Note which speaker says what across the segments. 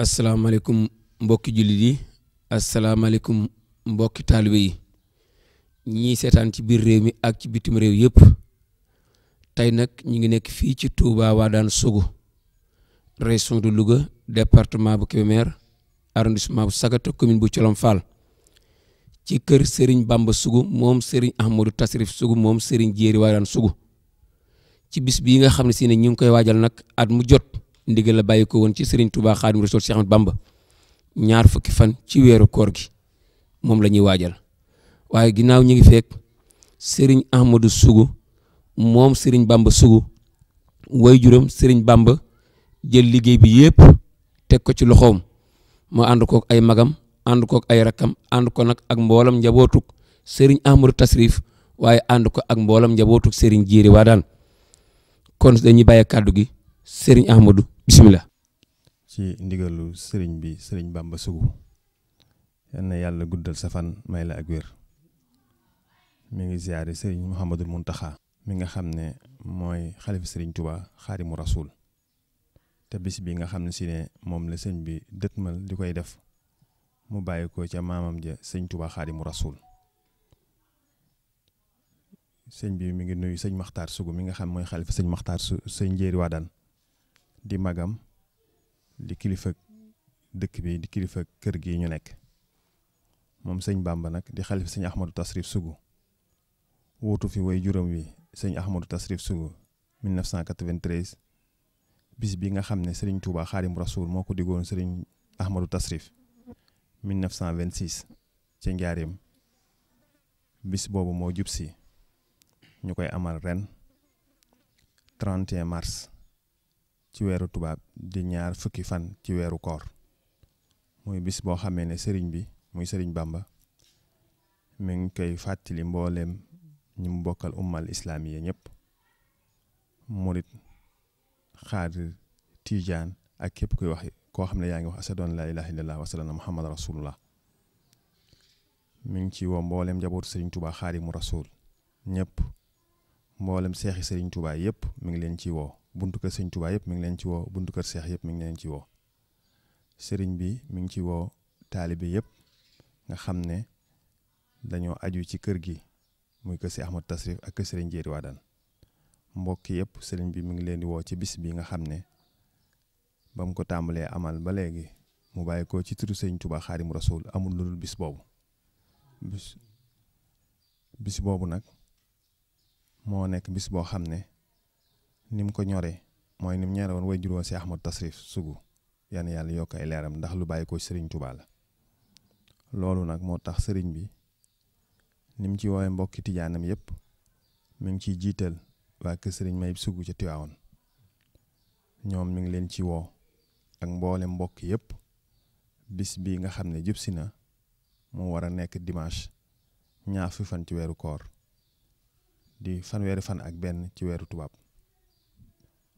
Speaker 1: asalaamaaleykum mbokki jullit yi asalaamaaleykum mbokki taalibe yi ñii seetaan ci biir réew mi ak ci bitim réew yëpp tey nag ñu ngi nekk fii ci Touba Wadane Sougou région de Louga departement bu Kébémer arrondissement bu Sagata commune bu Colom Fall ci kër Serigne Bamba Sougou moom Serigne Ahmadou Tasrif Sougou moom Serigne Jéeri Wadane Sougou ci bis bii nga xam ne si ne ñu ngi koy waajal nag at mu jot. ndigal la bàyyi ko woon ci Serigne Touba Xaadimu Rasuul Cheikh Ahmad Bamba ñaar fukki fan ci weeru koor gi moom la ñuy waajal waaye ginnaaw ñu ngi fekk Serigne Ahmadou Sougou moom Serigne Bamba Sougou waajuram Serigne Bamba jël liggéey bi yëpp teg ko ci loxoom mu ànd kook ay magam ànd kook ay rakkam ànd ko nag ak mboolam njabootuk Serigne Ahmadou Tasrif waaye ànd ko ak mboolam njabootuk Serigne Jiiri Wadaan kon dañuy bàyyi kàddu gi Serigne bisimilah.
Speaker 2: ci ndigalu sëriñ bi sëriñ Bamba Sougou yal na yàlla guddal safan may la ak wér mi ngi ziare sëriñ Mouhamadul Mountakha. mi nga xam ne mooy xalifa sëriñ Touba xaadimu rasul te bis bi nga xam ne si moom la sëñ bi dëtmal di koy def mu bàyyi ca maamam ja sëñ Touba xaadimu rasul sëñ bi mi ngi nuyu sëñ Maxtaar Sougou mi nga xam mooy xalifa sëñ Maxtaar su sëñ Njéeri Wadaan di magam di kilifa dëkk bi di kilifa kër gi ñu nekk moom sëñ Bamba nag di xalif sëñ Ahmadou Tasrif Sougou wootu fi woy juróom wi sëñ Ahmadou Tasrif Sougou 1993 bis bi nga xam ne sëriñ Touba Xaadim Rasoul moo ko diggoon sëriñ Ahmadou Tasrif 1926 ci njaarim bis boobu moo jub si ñu koy amal ren 31 mars ci weeru tubaab di ñaar fukki fan ci weeru koor muy bis boo xamee ne sëriñ bi muy sëriñ bàmba mi ngi koy fàttali mbooleem ñi mu bokkal ummal islaamiya ñëpp murit xaadir tijaan ak képp kuy wax koo xam ne yaa ngi wax asadoon laa ilaha illallah wa salaam muhammad rasulullah mu ngi ci woo mbooleem njabootu sëriñ Tuubaa xaadimu rasul ñëpp mboolem seexi Serigne Touba yëpp mi ngi leen ci woo buntu kër Serigne Touba yëpp mi ngi leen ci woo buntu kër seex yëpp mi ngi leen ci woo Serigne bi mi ngi ci woo taalibe yëpp nga xam ne dañoo aju ci kër gi muy kër si Ahmad Tasrif ak kër Serigne mbokk yëpp Serigne bi mi ngi leen di woo ci bis bi nga xam ne ba mu ko tàmbalee amal ba léegi mu bàyyi ko ci turu Serigne Touba mu Rasuul amul lu dul bis boobu bis bis boobu nag. moo nekk bis boo xam ne ni mu ko ñoree mooy ni mu ñore woon way juróom si Ahmad Tasrif Sougou yan yàlla yokk ay leeram ndax lu bàyyi koo Serigne Touba la loolu nag moo tax sëriñ bi ni mu ci woowee mbokki tijaanam yëpp mu ngi ciy jiital waa kër Serigne Mayib Sougou ca Tiwaawoon ñoom mu ngi leen ci woo ak mboole mbokk yëpp bis bi nga xam ne jub si na mu war a nekk dimanche ñaar fi ci weeru koor di fanweeri fan ak benn ci weeru tubaab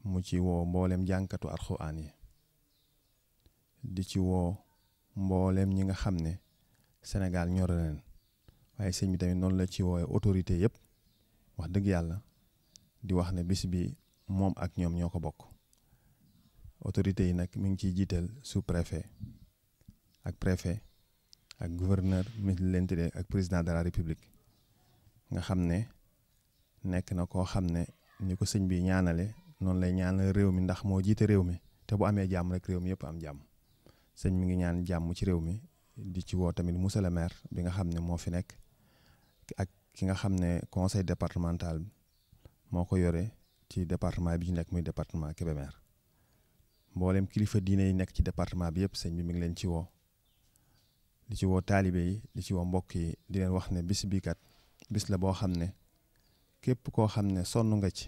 Speaker 2: mu ci woo mbooleem jànkatu alxuraan yi di ci woo mbooleem ñi nga xam ne Sénégal ñor na waaye sëñ bi tamit noonu la ci woowee autorité yëpp wax dëgg yàlla di wax ne bis bi moom ak ñoom ñoo ko bokk autorité yi nag mi ngi ciy jiital sous préfet ak préfet ak gouverneur ministre de l'intérieur ak président de la république nga xam ne nekk na koo xam ne ni ko sëñ bi ñaanale noonu lay ñaanal réew mi ndax moo jiite réew mi te bu amee jàmm rek réew mi yëpp am jàmm sëñ mi ngi ñaan jàmm ci réew mi di ci woo tamit monsieur maire bi nga xam ne moo fi nekk ak ki nga xam ne conseil départemental moo ko yore ci département bi ñu nekk muy département Kébémer mboolem kilifa diine yi nekk ci département bi yëpp sëñ bi mi ngi leen ci woo di ci woo taalibe yi di ci woo mbokk yi di leen wax ne bis bii kat bis la boo xam ne képp koo xam ne sonn nga ci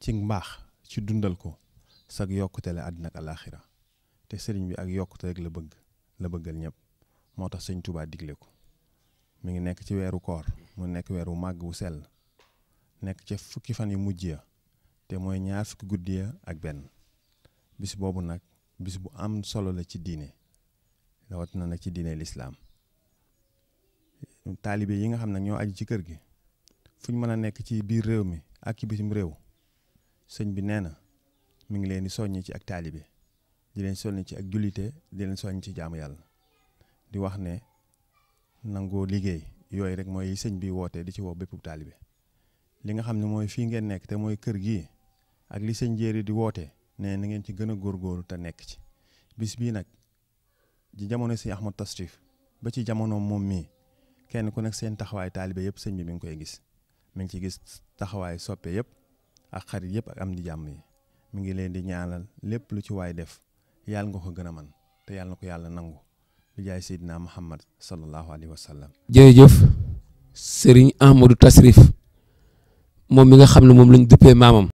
Speaker 2: ci mbaax ci dundal ko sag yokkute la àddina ak alaaxira te sëriñ bi ak yokkute ak la bëgg la bëggal ñépp moo tax sëñ Tuubaa digle ko mu ngi nekk ci weeru koor mu nekk weeru màgg wu sell nekk ci fukki fan yu mujj ya te mooy ñaar fukki guddi ya ak benn bis boobu nag bis bu am solo la ci diine rawatina na ci diine lislaam taalibe yi nga xam ne ñoo aju ci kër gi fu ñu mën a nekk ci biir réew mi ak ci bitim réew sëñ bi nee na mi ngi leen di soññ ci ak taalibe di leen soññ ci ak jullite di leen ci jaamu yàlla di wax ne nangoo liggéey yooyu rek mooy sëñ bi wootee di ci woo bépp taalibe li nga xam ne mooy fii ngeen nekk te mooy kër gi ak li sëñ jéeri di woote ne na ngeen ci gën a góor góor te nekk ci bis bii nag ci jamono si Ahmad Tasrif ba ci jamono moom mii kenn ku nekk seen taxawaay taalibe yëpp sëñ bi mi ngi koy gis mi ngi ci gis taxawaayu soppe yëpp ak xarit yëpp ak am di jàmm yi mi ngi leen di ñaanal lépp lu ci waay def yàlla nga ko gën a man te yàlla na ko yàlla nangu lijaay jaay Seydina Muhammad sallallahu alayhi wa sallam.
Speaker 1: jërëjëf Serigne Ahmadou Tasrif moom mi nga xam ne moom lañ duppee maamam.